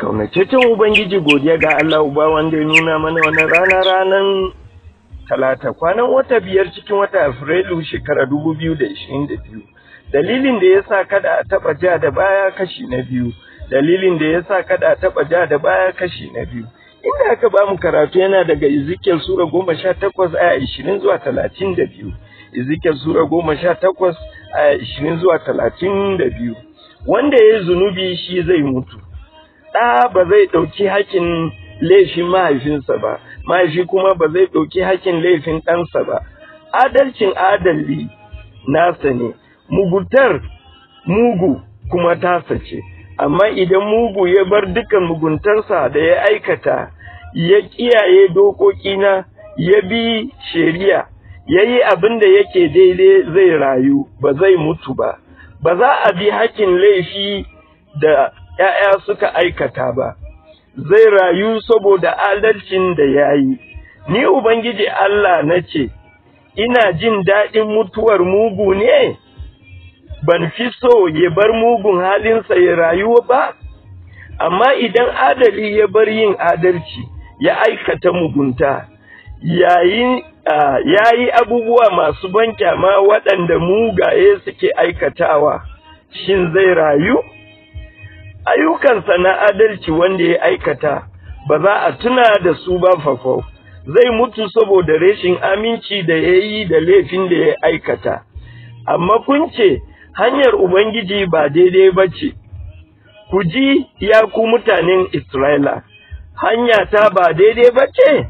kaunacecin ubangiji godiya ga Allah uba wanda ya nuna mana wani rana ranan talata kwanan wata biyar cikin wata afrilu shekara dubu biyu da ishirin da biyu dalilin da ya sa kada a taɓa ja da baya kashi na biyu dalilin da ya sa kada a taɓa ja da baya kashi na biyu inda aka ba mu karatu yana daga Ezekiel Sura goma sha takwas aya ishirin zuwa talatin da biyu Ezekiel Sura goma sha takwas aya ishirin zuwa talatin da biyu wanda ya yi zunubi shi zai mutu ɗa ba zai ɗauki hakin laifin mahaifinsa ba mahaifi kuma ba zai ɗauki hakin laifin ɗansa ba adalcin adali nasa ne mugutar mugu kuma tasa ce amma idan mugu ya bar dukan muguntarsa da ya aikata ya kiyaye dokokina ya bi shari'a ya yi abin da yake daidai zai rayu ba zai mutu ba ba za a bi hakin laifi da ‘ya'ya suka aikata ba, zai rayu saboda adalcin da ya yi, ni Ubangiji Allah na ce, ina jin daɗin mutuwar mugu ne, ban fi so ya bar mugun halin sa ya rayu ba, amma idan adali ya bar yin adalci, ya aikata mugunta, yayin ya yi abubuwa masu ban kyama waɗanda mugaye suke aikatawa, shin zai rayu? ayyukansa na adalci wanda ya aikata ba za a tuna da su ba fafau zai mutu saboda reshin aminci da ya yi da laifin da ya aikata amma kun ce hanyar ubangiji ba daidai ba ce ku ji ya ku mutanen isra'ila hanya ta ba daidai ba ce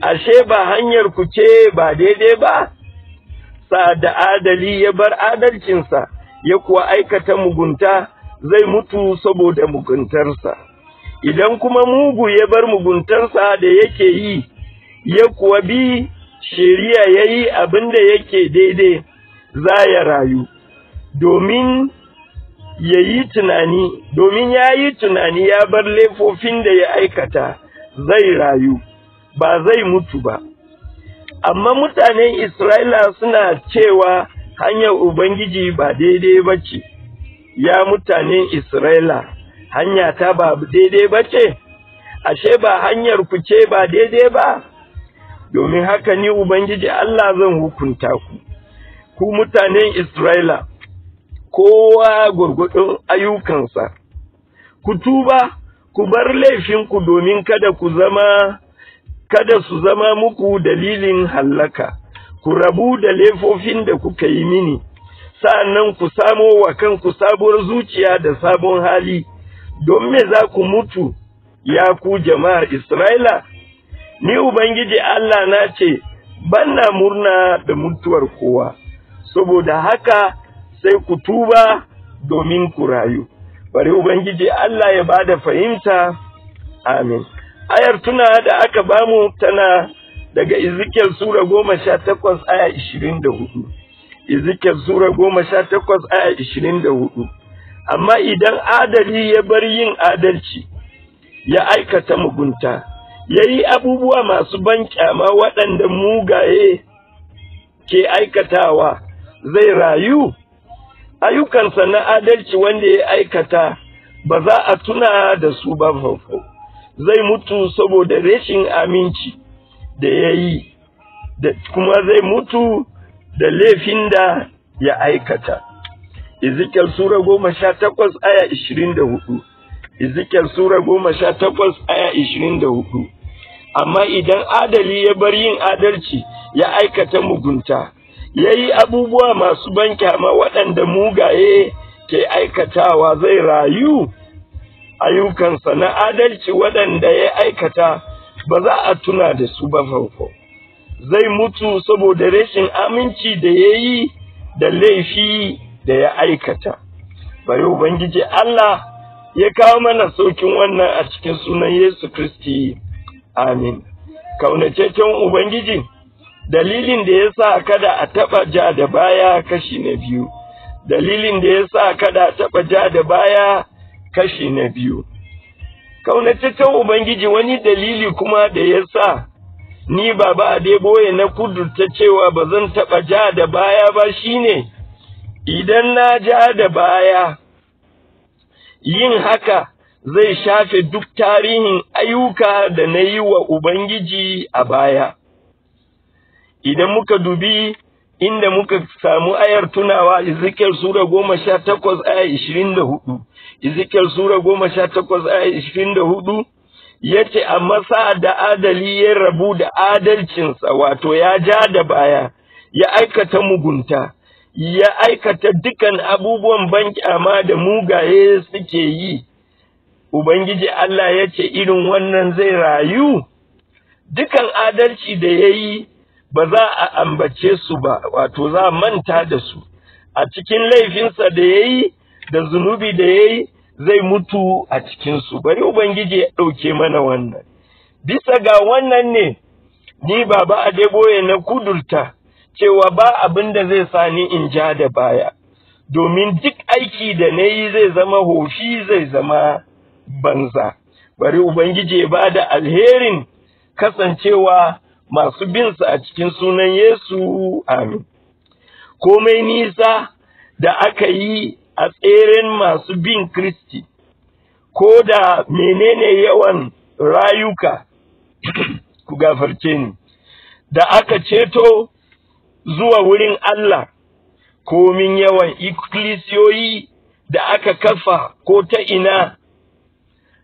ashe ba hanyar ku ce ba daidai ba sa da adali ya bar adalcinsa ya kuwa aikata mugunta zai mutu saboda muguntarsa idan kuma mugu ya bar muguntarsa da yake yi ya kuwa bi shari'a yi abin da yake daidai za ya rayu domin ya yi tunani domin ya yi tunani ya bar laifofin da ya aikata zai rayu ba zai mutu ba amma mutanen isra'ila suna cewa hanyar ubangiji ba daidai ba ce ya mutanen Isra'ila, hanya ta ba daidai ba ce, ashe ba hanyar ku ce ba daidai ba, domin haka ni Ubangiji Allah zan hukunta ku, ku mutanen Isra'ila, kowa gurgudun ayyukansa, ku tuba, ku bar laifinku domin kada ku zama, kada su zama muku dalilin hallaka, ku rabu da laifofin da kuka yi mini. nan ku samo wa kanku sabuwar zuciya da sabon hali don me za ku mutu ya ku jama'ar Isra'ila ni ubangiji Allah na ce banna murna da mutuwar kowa saboda haka sai ku tuba domin ku rayu bari ubangiji Allah ya bada fahimta amin ayar tuna da aka bamu tana daga Ezekiel Sura goma sha takwas aya ishirin da hudu. Ezekiel Sura goma sha takwas aya ishirin da hudu. Amma idan adali ya bar yin adalci, ya aikata mugunta, ya yi abubuwa masu ban kyama waɗanda mugaye ke aikatawa zai rayu, ayyukansa na adalci wanda ya aikata ba za a tuna da su ba fafo, zai mutu saboda rashin aminci da ya yi, kuma zai mutu da laifin da ya aikata Ezekiel Sura goma sha takwas aya ishirin da hudu Ezekiel Sura goma sha takwas aya ishirin da hudu amma idan adali ya bar yin adalci ya aikata mugunta ya yi abubuwa masu ban kyama waɗanda mugaye ke aikatawa zai rayu ayyukansa na adalci waɗanda ya aikata ba za a tuna da su ba faufau zai mutu saboda rashin aminci da ya yi da laifi da ya aikata bari ubangiji Allah ya kawo mana saukin wannan a cikin sunan Yesu Kristi amin kaunataccen ubangiji dalilin da ya sa kada a taɓa ja da baya kashi na biyu dalilin da ya sa kada a taɓa ja da baya kashi na biyu kaunataccen ubangiji wani dalili kuma da ya sa ni baba adeboye na ta cewa ba zan taɓa ja da baya ba shine idan na ja da baya yin haka zai shafe duk tarihin ayyuka da na yi wa ubangiji a baya idan muka dubi inda muka samu ayar tunawa Ezekiel Sura goma sha takwas aya ishirin da hudu, Ezekiel Sura goma sha takwas aya ishirin da hudu Ya ce a masa da adali ya rabu da adalcinsa wato ya ja da baya ya aikata mugunta ya aikata dukan abubuwan bankyama da mugaye suke yi ubangiji Allah ya ce irin wannan zai rayu dukan adalci da ya yi ba za a ambace su ba wato za manta da su a cikin laifinsa da ya yi da zunubi da ya yi. zai mutu a cikinsu bari ubangiji ya ɗauke mana wannan bisa ga wannan ne ni baba adeboye na kudurta cewa ba abin da zai sani in ja da baya domin duk aiki da na yi zai zama hoshi zai zama banza bari ubangiji ya ba da alherin kasancewa masu bin binsa a cikin sunan yesu amin komai nisa da aka yi a tseren masu bin Kristi, ko da menene yawan rayuka, ku gafarce ni, da aka ceto zuwa wurin Allah, komin yawan ikkilisiyoyi da aka kafa ko ta ina,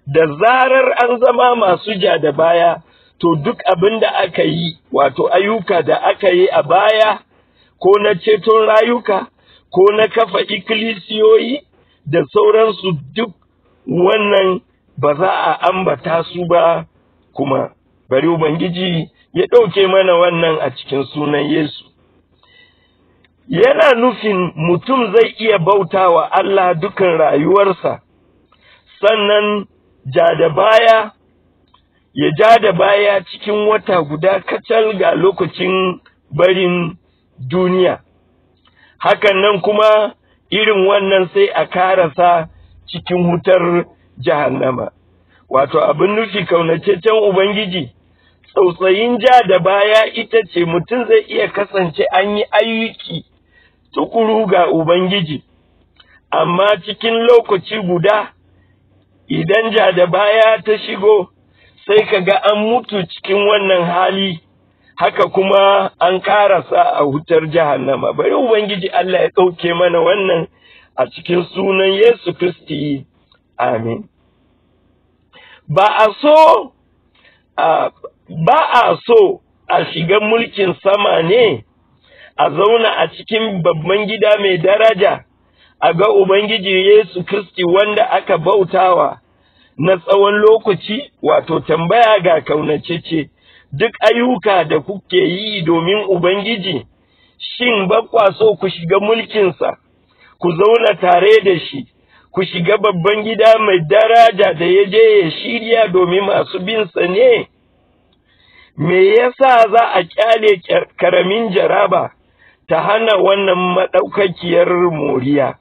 da zarar an zama masu ja da baya, to duk abin da aka yi, wato ayyuka da aka yi a baya, ko na ceton rayuka, ko na kafa ikilisiyoyi da sauransu duk wannan ba za a ambata su ba kuma bari ubangiji ya ɗauke mana wannan a cikin sunan yesu yana nufin mutum zai iya bauta wa allah dukan rayuwarsa sannan ja da baya ya ja da baya cikin wata guda kacal ga lokacin barin duniya hakan nan kuma irin wannan sai a karasa cikin wutar jahannama wato abin nufi kaunataccen ubangiji tsautsayin ja da baya ita ce mutum zai iya kasance an yi ayyuki tukuru ga ubangiji amma cikin lokaci guda idan ja da baya ta shigo sai ka ga an mutu cikin wannan hali haka kuma an karasa a wutar jahannama bari ubangiji Allah ya ɗauke mana wannan a cikin sunan Yesu Kristi amin ba a so ba a so a shiga mulkin sama ne a zauna a cikin babban gida mai daraja a ga Ubangiji Yesu Kristi wanda aka bautawa na tsawon lokaci wato tambaya ga kaunacece duk ayyuka da kuke yi domin Ubangiji, shin bakwa so ku shiga mulkinsa, ku zauna tare da shi, ku shiga babban gida mai daraja da ya je ya shirya domin masu binsa ne? Me yasa za a kyale karamin jaraba ta hana wannan maɗaukakiyar moriya,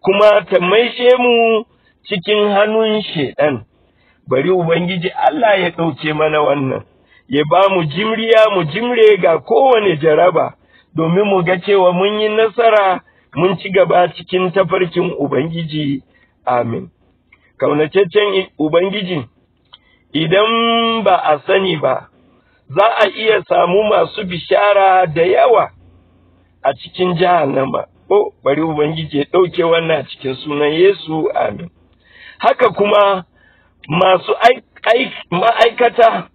kuma ta maishe mu cikin hannun shaɗan, bari Ubangiji Allah ya ɗauke mana wannan. ya ba mu jimriya mu jimre ga kowane jaraba domin mu ga cewa mun yi nasara mun ci gaba cikin tafarkin Ubangiji amin kaunataccen Ubangiji idan ba a sani ba za a iya samu masu bishara da yawa a cikin jahannama oh bari ubangiji ya ɗauke wannan cikin sunan Yesu amin haka kuma masu ma'aikata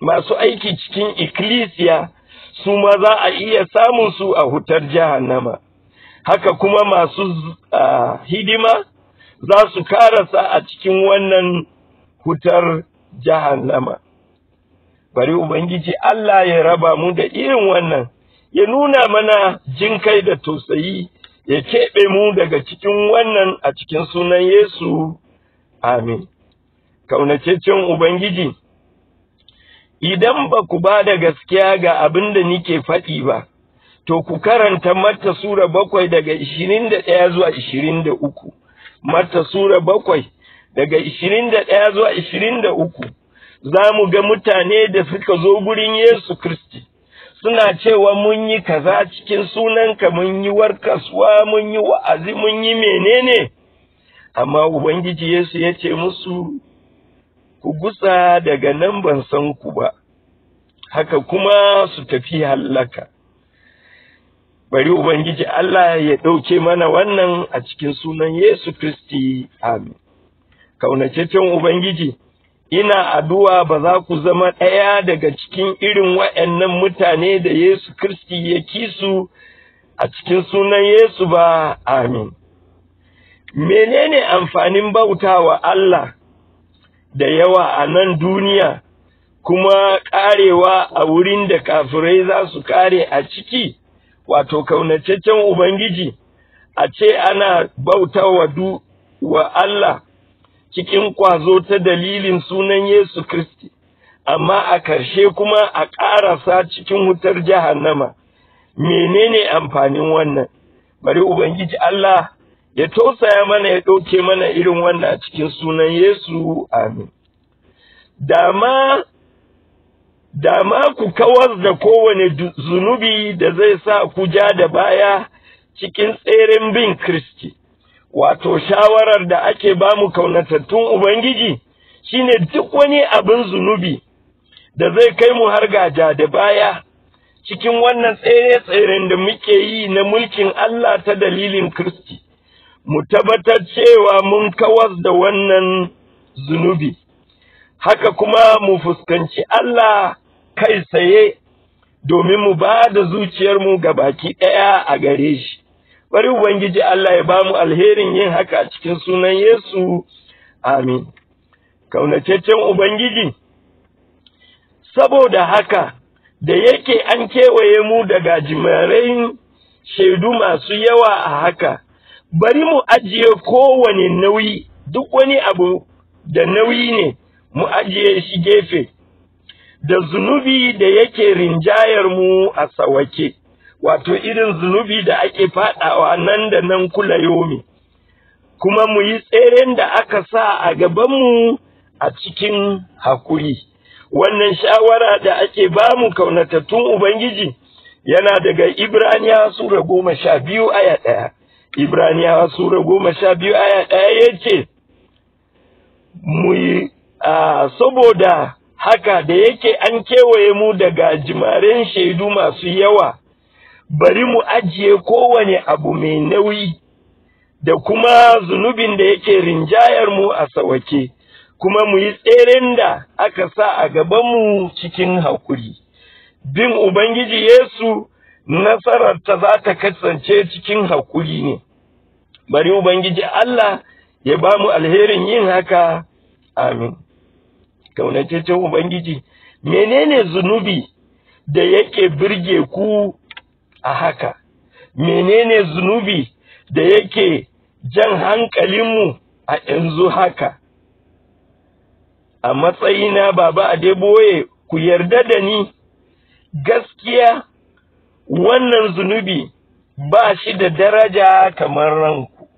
masu aiki cikin ikkilisiya su ma za a iya samun su a hutar jahannama haka kuma masu hidima za su karasa a cikin wannan hutar jahannama bari ubangiji Allah ya raba mu da irin wannan ya nuna mana jin kai da tausayi ya keɓe mu daga cikin wannan a cikin sunan Yesu amin kaunacecen ubangiji idan ba ku ba da gaskiya ga abin da nike faɗi ba to ku karanta mata sura bakwai daga ishirin da ɗaya zuwa ishirin da uku mata sura bakwai daga ishirin da ɗaya zuwa ishirin da uku za mu ga mutane da suka zo gurin Yesu Kiristi suna cewa mun yi kaza cikin sunanka mun yi warkaswa mun yi wa'azi mun yi menene amma ubangiji Yesu ya ce musu ku gutsa daga nan ban san ku ba haka kuma su tafi hallaka bari ubangiji Allah ya ɗauke mana wannan a cikin sunan Yesu Kristi amin kaunacecen ubangiji ina addu'a ba za ku zama ɗaya daga cikin irin wa'yannan mutane da Yesu Kristi ya kisu a cikin sunan Yesu ba, amin. Menene amfanin bautawa Allah da yawa a nan duniya kuma karewa a wurin da kafirai za su kare a ciki wato kaunataccen ubangiji a ce ana bauta wa wa Allah cikin kwazo ta dalilin sunan Yesu Kiristi amma a ƙarshe kuma a ƙarasa cikin wutar jahannama menene amfanin wannan bari ubangiji Allah ya tausaya mana ya ɗauke mana irin wannan a cikin sunan Yesu amin dama dama ku kawar da kowane zunubi da zai sa ku ja da baya cikin tseren bin Kristi wato shawarar da ake bamu kaunatattun Ubangiji shine duk wani abin zunubi da zai kai mu har gaja da baya cikin wannan tsere-tseren da muke yi na mulkin Allah ta dalilin Kristi mu tabbatar cewa mun kawas da wannan zunubi haka kuma mu fuskanci Allah kai tsaye domin mu ba da zuciyarmu ga baki ɗaya a gare shi bari ubangiji Allah ya ba mu alherin yin haka a cikin sunan Yesu amin kaunataccen ubangiji saboda haka da yake an kewaye mu daga jimarai shaidu masu yawa a haka bari mu ajiye kowane nauyi duk wani abu da nauyi ne mu ajiye shi gefe da zunubi da yake rinjayar mu a sawake wato irin zunubi da ake fadawa nan da nan kula yomi kuma mu yi tseren da aka sa a gabanmu a cikin hakuri wannan shawara da ake ba mu kaunatattun ubangiji yana daga ibraniya sura goma sha biyu aya ɗaya Ibraniyawa Sura goma sha biyu aya ɗaya ya ce, Muyi, saboda haka da yake an kewaye mu daga jimaren shaidu masu yawa, bari mu ajiye kowane abu mai nauyi da kuma zunubin da yake rinjayar mu a sawake, kuma mu yi tseren da aka sa a gabanmu cikin haƙuri. Bin Ubangiji Yesu Nasarar ta za ta kasance cikin haƙuri ne bari ubangiji Allah ya ba mu alherin yin haka amin ce ubangiji menene zunubi da yake birge ku a haka menene zunubi da yake jan hankalinmu a yanzu haka a matsayina baba a deboye ku yarda da ni gaskiya wannan zunubi ba shi da daraja kamar ranku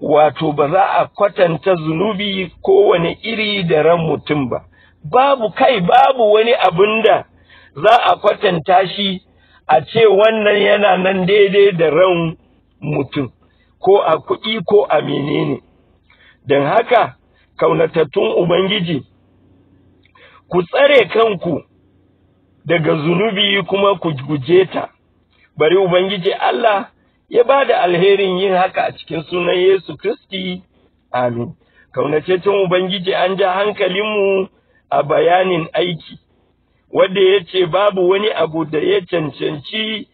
wato ba za a kwatanta zunubi kowane iri da ran mutum ba babu kai babu wani abin da za a kwatanta shi a ce wannan yana nan daidai da ran mutum ko a kuɗi ko a menene don haka kaunatattun ubangiji ku tsare kanku daga zunubi kuma ku guje ta bari ubangiji Allah ya ba da alherin yin haka a cikin sunan Yesu Kristi amin kaunataccen ubangiji an ja hankalinmu a bayanin aiki wanda ya ce babu wani abu da ya cancanci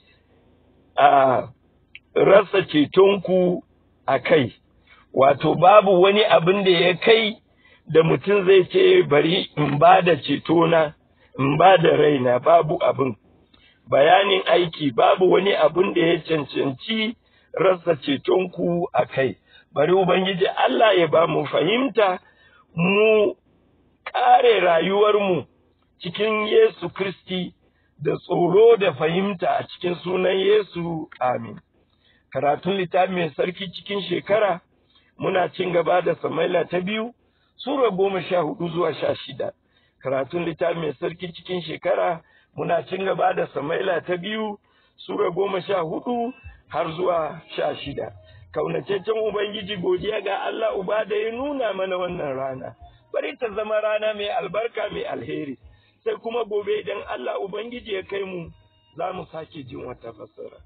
a rasa cetonku a kai wato babu wani abin da ya kai da mutum zai ce bari in ba da cetona in ba da rai na babu abin bayanin aiki babu wani abin da ya cancanci rasa cetonku a kai bari ubangiji Allah ya ba mu fahimta mu kare rayuwarmu cikin Yesu Kristi da tsoro da fahimta a cikin sunan Yesu amin karatun littafin mai sarki cikin shekara muna cin gaba da samaila ta biyu sura goma sha hudu zuwa sha shida karatun littafi mai sarki cikin shekara muna cin gaba da samaila ta biyu sura goma sha hudu har zuwa sha shida kaunataccen ubangiji godiya ga allah uba da ya nuna mana wannan rana bari ta zama rana mai albarka mai alheri sai kuma gobe idan allah ubangiji ya kai mu za mu sake jin wata fassara.